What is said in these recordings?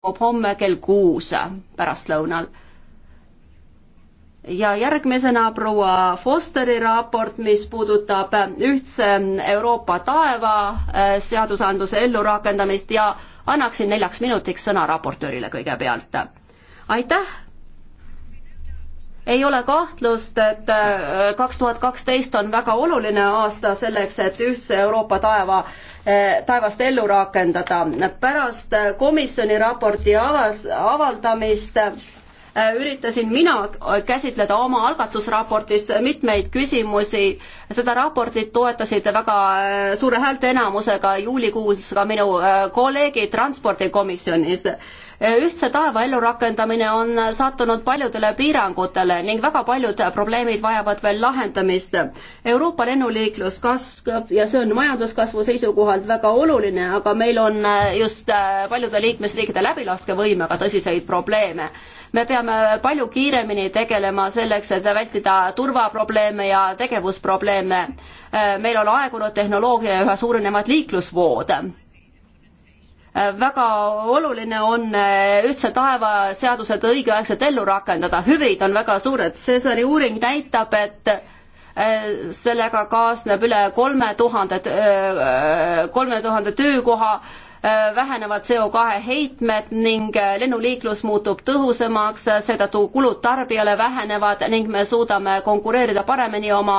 toimub homme kell kuus pärastlõunal. ja järgmisena proua Fosteri raport, mis puudutab ühtse Euroopa taeva äh, seadusandluse ellurakendamist ja annaksin neljaks minutiks sõna raportöörile kõigepealt. aitäh ei ole kahtlust, et äh, kaks tuhat kaksteist on väga oluline aasta selleks, et ühtse Euroopa taeva, äh, taevast ellu rakendada. pärast äh, komisjoni raporti avas, avaldamist üritasin mina käsitleda oma algatusraportis mitmeid küsimusi. seda raportit toetasid väga suure häälteenamusega juulikuus ka minu kolleegid transpordikomisjonis ühtse taeva ellurakendamine on sattunud paljudele piirangutele ning väga paljud probleemid vajavad veel lahendamist. Euroopa lennuliiklus kasvab ja see on majanduskasvu seisukohalt väga oluline, aga meil on just äh, paljude liikmesriikide läbilaskevõimega tõsiseid probleeme. me peame palju kiiremini tegelema selleks, et vältida turvaprobleeme ja tegevusprobleeme. Äh, meil on aegunud tehnoloogia ja üha suurenevad liiklusvood Äh, väga oluline on äh, ühtse taeva seadused õigeaegselt ellu rakendada, hüvid on väga suured, Cesari uuring näitab, et äh, sellega kaasneb üle kolme tuhande, kolme tuhande töökoha Äh, vähenevad CO2 heitmed ning äh, lennuliiklus muutub tõhusamaks, äh, seetõttu kulud tarbijale vähenevad ning me suudame konkureerida paremini oma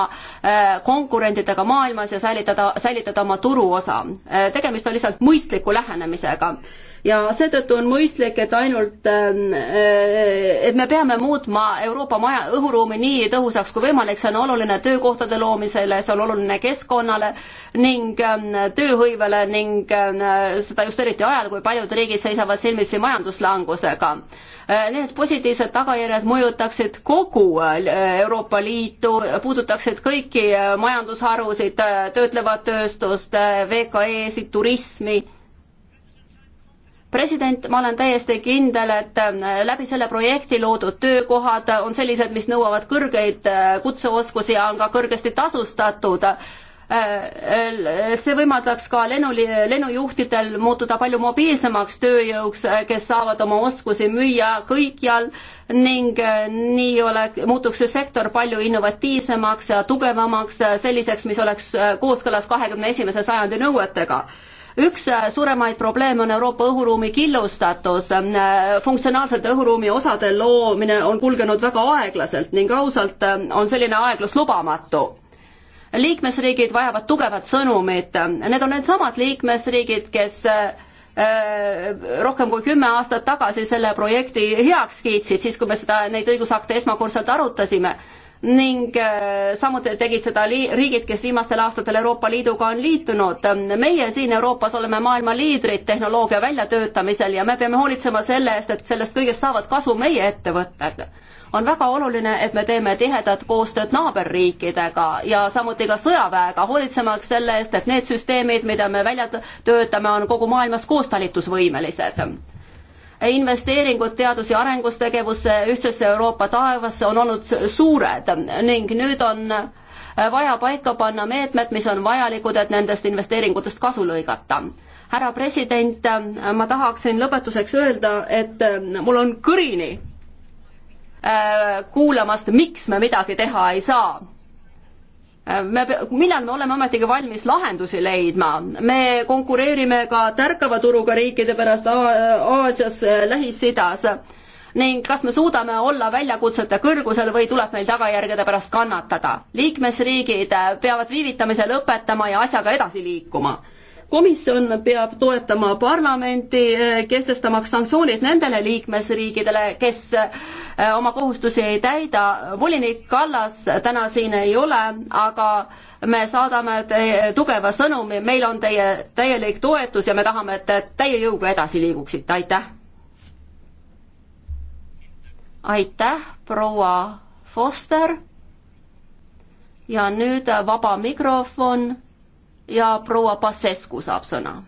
konkurentidega maailmas ja säilitada, säilitada oma turuosa. tegemist on lihtsalt mõistliku lähenemisega ja seetõttu on mõistlik, et ainult, ähm, äh, et me peame muutma Euroopa maja, õhuruumi nii tõhusaks kui võimalik, see on oluline töökohtade loomisele, see on oluline keskkonnale ning ähm, tööhõivele ning ähm, seda just eriti ajal, kui paljud riigid seisavad silmitsi majanduslangusega. Äh, need positiivsed tagajärjed mõjutaksid kogu äh, Euroopa Liitu, puudutaksid kõiki majandusharusid, töötlevat tööstust, VKE-sid, turismi president, ma olen täiesti kindel, et äh, läbi selle projekti loodud töökohad on sellised, mis nõuavad kõrgeid äh, kutseoskusi ja on ka kõrgesti tasustatud. Äh, see võimaldaks ka lennu, lennujuhtidel muutuda palju mobiilsemaks tööjõuks, kes saavad oma oskusi müüa kõikjal ning nii ole, muutuks see sektor palju innovatiivsemaks ja tugevamaks, selliseks, mis oleks kooskõlas kahekümne esimese sajandi nõuetega üks äh, suuremaid probleeme on Euroopa õhuruumi killustatus. Äh, funktsionaalsete õhuruumi osade loomine on kulgenud väga aeglaselt ning ausalt äh, on selline aeglus lubamatu liikmesriigid vajavad tugevat sõnumit, need on needsamad liikmesriigid, kes rohkem kui kümme aastat tagasi selle projekti heaks kiitsid, siis kui me seda, neid õigusakte esmakordselt arutasime ning äh, samuti tegid seda riigid, kes viimastel aastatel Euroopa Liiduga on liitunud. meie siin Euroopas oleme maailma liidrid tehnoloogia väljatöötamisel ja me peame hoolitsema selle eest, et sellest kõigest saavad kasu meie ettevõtted. on väga oluline, et me teeme tihedat koostööd naaberriikidega ja samuti ka sõjaväega, hoolitsemaks selle eest, et need süsteemid, mida me välja töötame, on kogu maailmas koostalitusvõimelised investeeringud teadus- ja arengustegevusse, ühtsesse Euroopa taevasse on olnud suured ning nüüd on vaja paika panna meetmed, mis on vajalikud, et nendest investeeringutest kasu lõigata. härra president, ma tahaksin lõpetuseks öelda, et mul on kõrini äh, kuulamast, miks me midagi teha ei saa me, millal me oleme ometigi valmis lahendusi leidma, me konkureerime ka tärkava turuga riikide pärast Aasias, Lähis-Idas ning kas me suudame olla väljakutsete kõrgusel või tuleb meil tagajärgede pärast kannatada. liikmesriigid peavad viivitamise lõpetama ja asjaga edasi liikuma komisjon peab toetama parlamenti, eh, kehtestamaks sanktsioonid nendele liikmesriikidele, kes eh, oma kohustusi ei täida. volinik Kallas täna siin ei ole, aga me saadame tugeva sõnumi, meil on teie täielik toetus ja me tahame, et te täie jõuga edasi liiguksite, aitäh! aitäh, proua Foster! ja nüüd vaba mikrofon ja proua Pasescu saab sõna.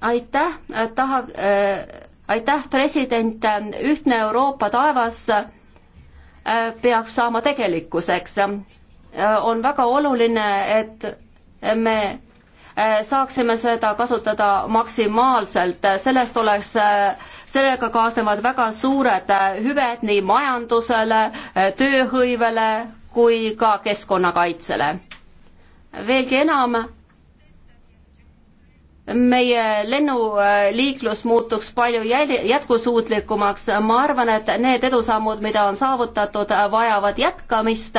aitäh, äh, taha äh,, aitäh, president, ühtne Euroopa taevas äh, peab saama tegelikkuseks. Äh, on väga oluline, et me Eh, saaksime seda kasutada maksimaalselt, sellest oleks, eh, sellega kaasnevad väga suured eh, hüved nii majandusele, tööhõivele kui ka keskkonnakaitsele. veelgi enam, meie lennuliiklus muutuks palju jätkusuutlikumaks, ma arvan, et need edusammud, mida on saavutatud, vajavad jätkamist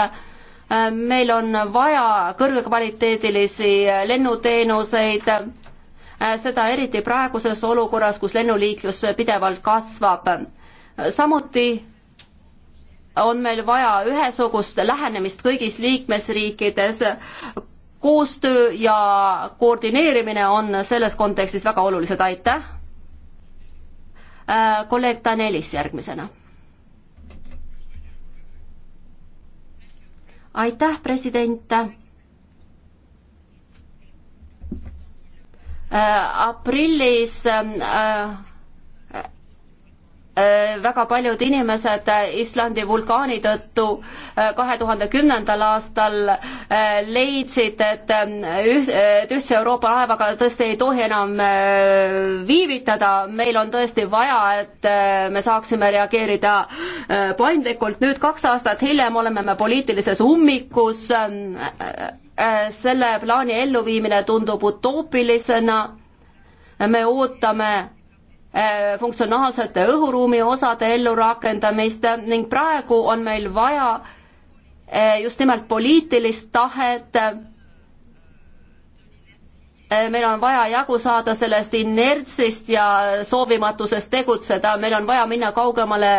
Äh, meil on vaja kõrgekvaliteedilisi äh, lennuteenuseid, äh, seda eriti praeguses olukorras, kus lennuliiklus pidevalt kasvab. samuti on meil vaja ühesugust lähenemist kõigis liikmesriikides. koostöö ja koordineerimine on selles kontekstis väga olulised, aitäh. kolleeg Danelis järgmisena aitäh, president. Äh, aprillis äh, Äh, väga paljud inimesed äh, Islandi vulkaani tõttu äh, kahe tuhande kümnendal aastal leidsid, et ähm, üht, et ühtse Euroopa laevaga tõesti ei tohi enam viivitada, meil on tõesti vaja, et me saaksime reageerida paindlikult, nüüd kaks aastat hiljem oleme me poliitilises ummikus, ähm, selle plaani elluviimine tundub utoopilisena, me ootame Äh, funktsionaalsete õhuruumi osade ellurakendamist ning praegu on meil vaja äh, just nimelt poliitilist tahet. Äh, meil on vaja jagu saada sellest inertsist ja soovimatusest tegutseda, meil on vaja minna kaugemale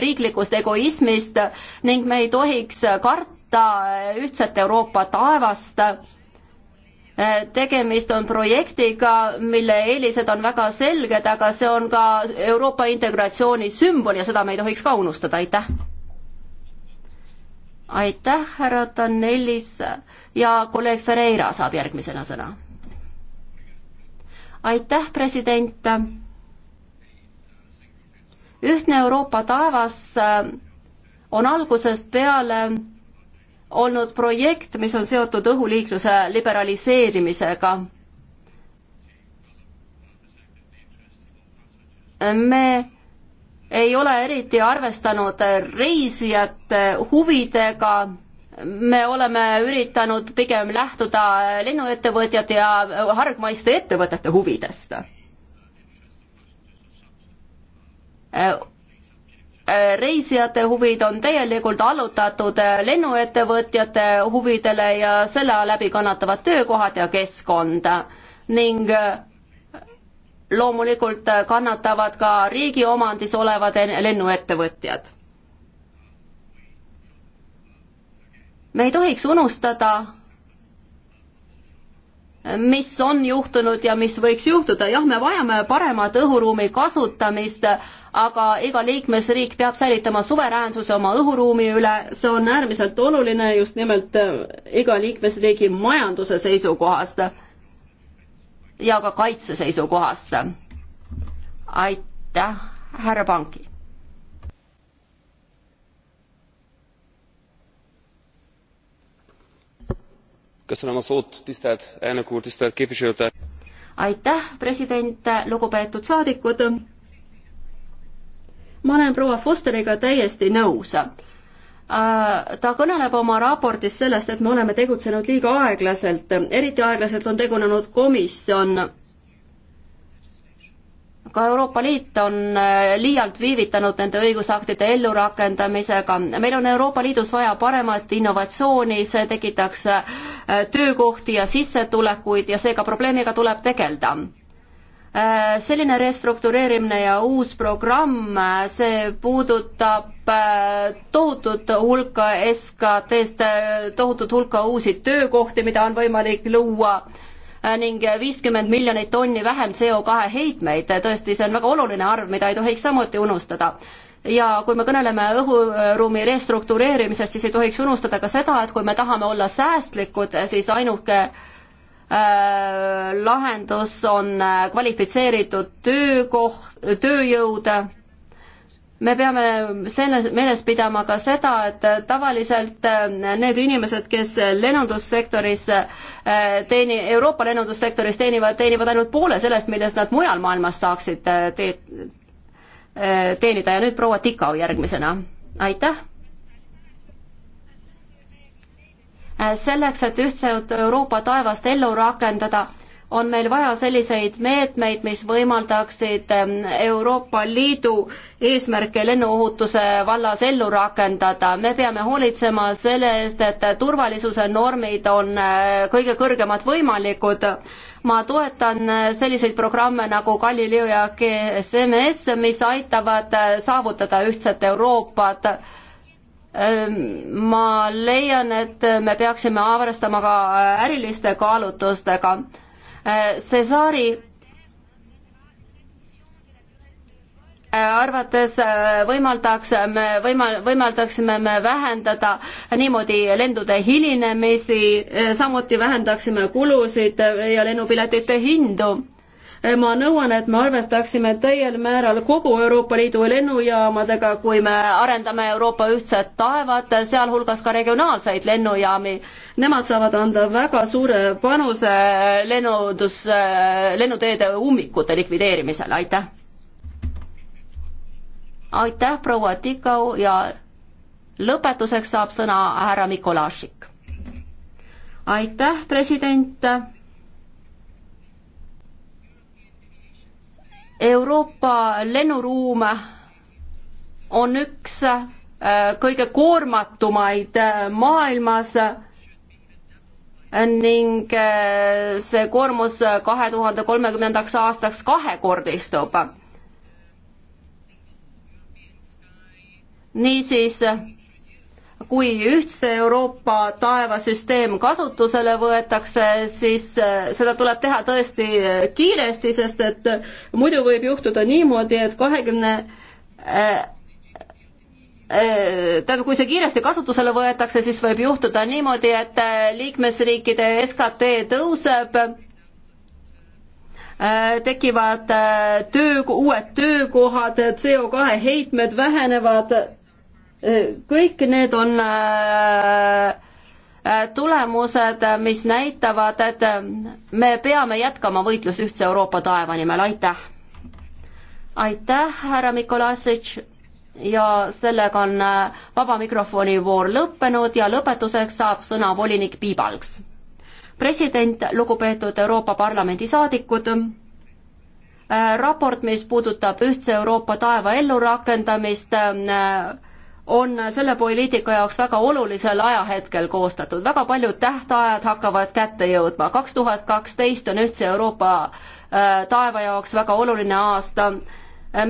riiklikust egoismist ning me ei tohiks karta ühtset Euroopa taevast Äh, tegemist on projektiga, mille eelised on väga selged, aga see on ka Euroopa integratsiooni sümbol ja seda me ei tohiks ka unustada, aitäh. aitäh, härra Danelis ja kolleeg Ferreira saab järgmisena sõna. aitäh, president. ühtne Euroopa taevas äh, on algusest peale olnud projekt, mis on seotud õhuliikluse liberaliseerimisega. me ei ole eriti arvestanud reisijate huvidega, me oleme üritanud pigem lähtuda lennuettevõtjate ja hargmaiste ettevõtete huvidest reisijate huvid on täielikult allutatud äh, lennuettevõtjate huvidele ja selle läbi kannatavad töökohad ja keskkond ning äh, loomulikult äh, kannatavad ka riigi omandis olevad lennuettevõtjad. me ei tohiks unustada, mis on juhtunud ja mis võiks juhtuda, jah, me vajame paremat õhuruumi kasutamist, aga iga liikmesriik peab säilitama suveräänsuse oma õhuruumi üle, see on äärmiselt oluline just nimelt äh, iga liikmesriigi majanduse seisukohast ja ka kaitse seisukohast. aitäh, härra Panki tisztelt elnök úr tisztelt képviselőtársaim! aitäh president lugupeetud saadikud ma olen proua fosteriga täiesti nõus äh, ta kõneleb oma raportis sellest et me oleme tegutsenud liiga aeglaselt eriti aeglaselt on tegunenud komisjon ka Euroopa Liit on äh, liialt viivitanud nende õigusaktide ellurakendamisega. meil on Euroopa Liidus vaja paremat innovatsiooni, see tekitaks äh, töökohti ja sissetulekuid ja seega probleemiga tuleb tegeleda äh, selline restruktureerimine ja uus programm, see puudutab tohutut hulka SKT-st, tohutut hulka uusi töökohti, mida on võimalik luua Äh, ning viiskümmend miljonit tonni vähem CO2 heitmeid. tõesti, see on väga oluline arv, mida ei tohiks samuti unustada ja kui me kõneleme õhuruumi restruktureerimisest, siis ei tohiks unustada ka seda, et kui me tahame olla säästlikud, siis ainuke äh, lahendus on äh, kvalifitseeritud töökoht, tööjõud äh,, me peame selles meeles pidama ka seda, et tavaliselt äh, need inimesed, kes lennundussektoris äh, teeni-, Euroopa lennundussektoris teenivad, teenivad ainult poole sellest, millest nad mujal maailmas saaksid äh, te-, teenida ja nüüd proua Tikau järgmisena, aitäh! selleks, et ühtset Euroopa taevast ellu rakendada on meil vaja selliseid meetmeid, mis võimaldaksid ähm, Euroopa Liidu eesmärke lennuohutuse vallas ellu rakendada. me peame hoolitsema selle eest, et turvalisuse normid on äh, kõige kõrgemad võimalikud. ma toetan äh, selliseid programme nagu Galileo ja GSMS, mis aitavad äh, saavutada ühtset Euroopat ähm, ma leian, et me peaksime arvestama ka äriliste kaalutlustega Äh, Cesari äh, arvates äh, võimaldaks me, võima-, võimaldaksime me vähendada niimoodi lendude hilinemisi, samuti vähendaksime kulusid ja lennupiletite hindu ma nõuan, et me arvestaksime täiel määral kogu Euroopa Liidu lennujaamadega, kui me arendame Euroopa ühtset taevat, sealhulgas ka regionaalseid lennujaami. Nemad saavad anda väga suure panuse lennundus, lennuteede ummikute likvideerimisele, aitäh! aitäh, proua Tikau ja lõpetuseks saab sõna härra Mikolašik. aitäh, president! Euroopa lennuruum on üks äh, kõige koormatumaid äh, maailmas ning äh, see koormus kahe tuhande kolmekümnendaks aastaks kahekordistub. niisiis kui ühtse Euroopa taevasüsteem kasutusele võetakse, siis eh, seda tuleb teha tõesti eh, kiiresti, sest et muidu võib juhtuda niimoodi, et kahekümne eh, tähendab, kui see kiiresti kasutusele võetakse, siis võib juhtuda niimoodi, et liikmesriikide SKT tõuseb, tekivad töö, uued töökohad, CO2 heitmed vähenevad kõik need on äh, äh, tulemused, äh, mis näitavad, et me peame jätkama võitlust ühtse Euroopa taeva nimel, aitäh! aitäh, härra Mikolašitš ja sellega on vaba mikrofoni voor lõppenud ja lõpetuseks saab sõna volinik Piibalks. president, lugupeetud Euroopa Parlamendi saadikud, raport, mis puudutab ühtse Euroopa taeva ellurakendamist, on selle poliitika jaoks väga olulisel ajahetkel koostatud, väga paljud tähtajad hakkavad kätte jõudma, kaks tuhat kaksteist on ühtse Euroopa äh, taeva jaoks väga oluline aasta,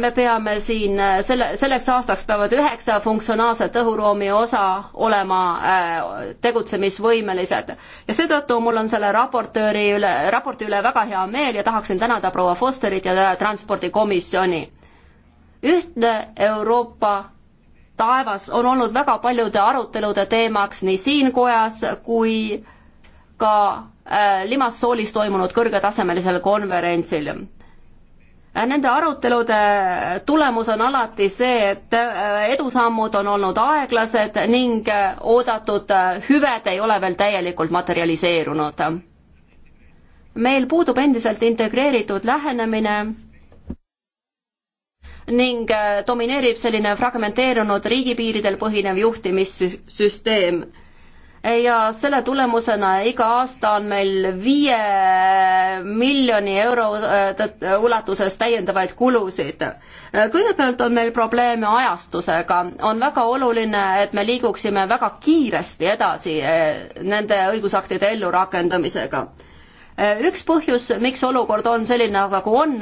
me peame siin äh, selle, selleks aastaks peavad üheksa funktsionaalset õhuruumi osa olema äh, tegutsemisvõimelised. ja seetõttu mul on selle raportööri üle, raporti üle väga hea meel ja tahaksin tänada proua Fosterit ja transpordikomisjoni. ühtne Euroopa taevas on olnud väga paljude arutelude teemaks nii siin kojas kui ka äh, Limassoolis toimunud kõrgetasemelisel konverentsil. Äh, nende arutelude tulemus on alati see, et äh, edusammud on olnud aeglased ning oodatud hüved ei ole veel täielikult materialiseerunud. meil puudub endiselt integreeritud lähenemine ning äh, domineerib selline fragmenteerunud riigipiiridel põhinev juhtimissüsteem. ja selle tulemusena iga aasta on meil viie miljoni euro äh, ulatuses täiendavaid kulusid. kõigepealt on meil probleeme ajastusega, on väga oluline, et me liiguksime väga kiiresti edasi äh, nende õigusaktide ellurakendamisega Äh, üks põhjus, miks olukord on selline, nagu on,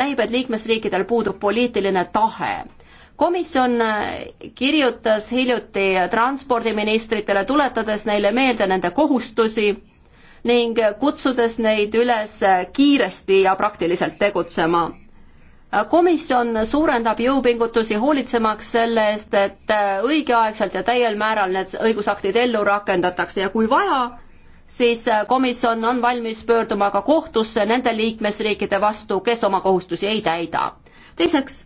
näib, et liikmesriikidel puudub poliitiline tahe komisjon äh, kirjutas hiljuti transpordiministritele, tuletades neile meelde nende kohustusi ning kutsudes neid üles äh, kiiresti ja praktiliselt tegutsema. komisjon suurendab jõupingutusi hoolitsemaks selle eest, et õigeaegselt ja täiel määral need õigusaktid ellu rakendatakse ja kui vaja, siis äh, komisjon on valmis pöörduma ka kohtusse nende liikmesriikide vastu, kes oma kohustusi ei täida. teiseks,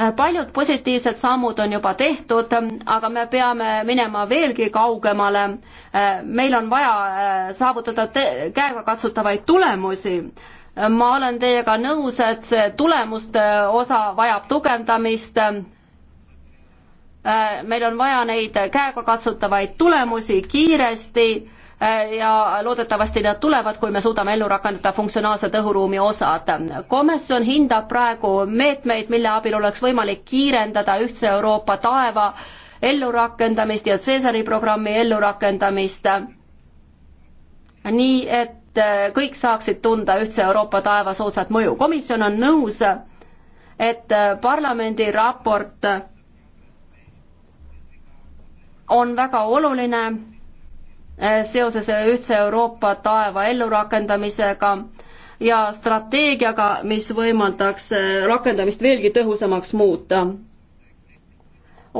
äh, paljud positiivsed sammud on juba tehtud, aga me peame minema veelgi kaugemale. Äh, meil on vaja saavutada käegakatsutavaid tulemusi ma olen teiega nõus, et see tulemuste osa vajab tugevdamist, Äh, meil on vaja neid käegakatsutavaid tulemusi kiiresti äh, ja loodetavasti nad tulevad, kui me suudame ellu rakendada funktsionaalsed õhuruumi osad. komisjon hindab praegu meetmeid, mille abil oleks võimalik kiirendada ühtse Euroopa taeva ellurakendamist ja Cäsari programmi ellurakendamist. nii et äh, kõik saaksid tunda ühtse Euroopa taeva soodsat mõju. komisjon on nõus, et parlamendi raport on väga oluline eh, seoses ühtse Euroopa taeva ellurakendamisega ja strateegiaga, mis võimaldaks eh, rakendamist veelgi tõhusamaks muuta.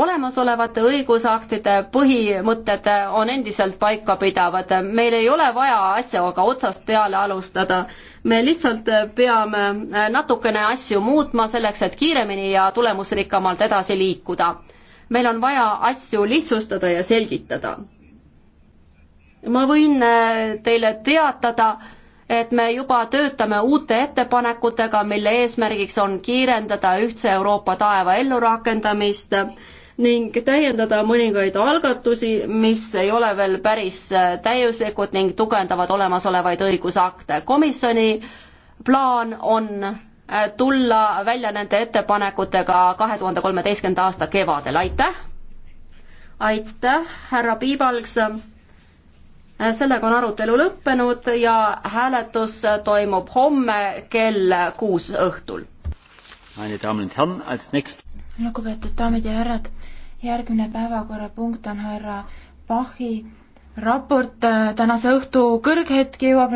olemasolevate õigusaktide põhimõtted on endiselt paikapidavad, meil ei ole vaja asjaga otsast peale alustada, me lihtsalt peame eh, natukene asju muutma selleks, et kiiremini ja tulemusrikkamalt edasi liikuda meil on vaja asju lihtsustada ja selgitada. ma võin äh, teile teatada, et me juba töötame uute ettepanekutega, mille eesmärgiks on kiirendada ühtse Euroopa taeva ellurakendamist ning täiendada mõningaid algatusi, mis ei ole veel päris äh, täiuslikud ning tugevdavad olemasolevaid õigusakte. komisjoni plaan on Äh, tulla välja nende ettepanekutega kahe tuhande kolmeteistkümnenda aasta kevadel, aitäh! aitäh, härra Piibalgs! Äh, sellega on arutelu lõppenud ja hääletus toimub homme kell kuus õhtul. lugupeetud daamid ja härrad, järgmine päevakorrapunkt on härra Pachi raport tänase õhtu kõrghetki jõuab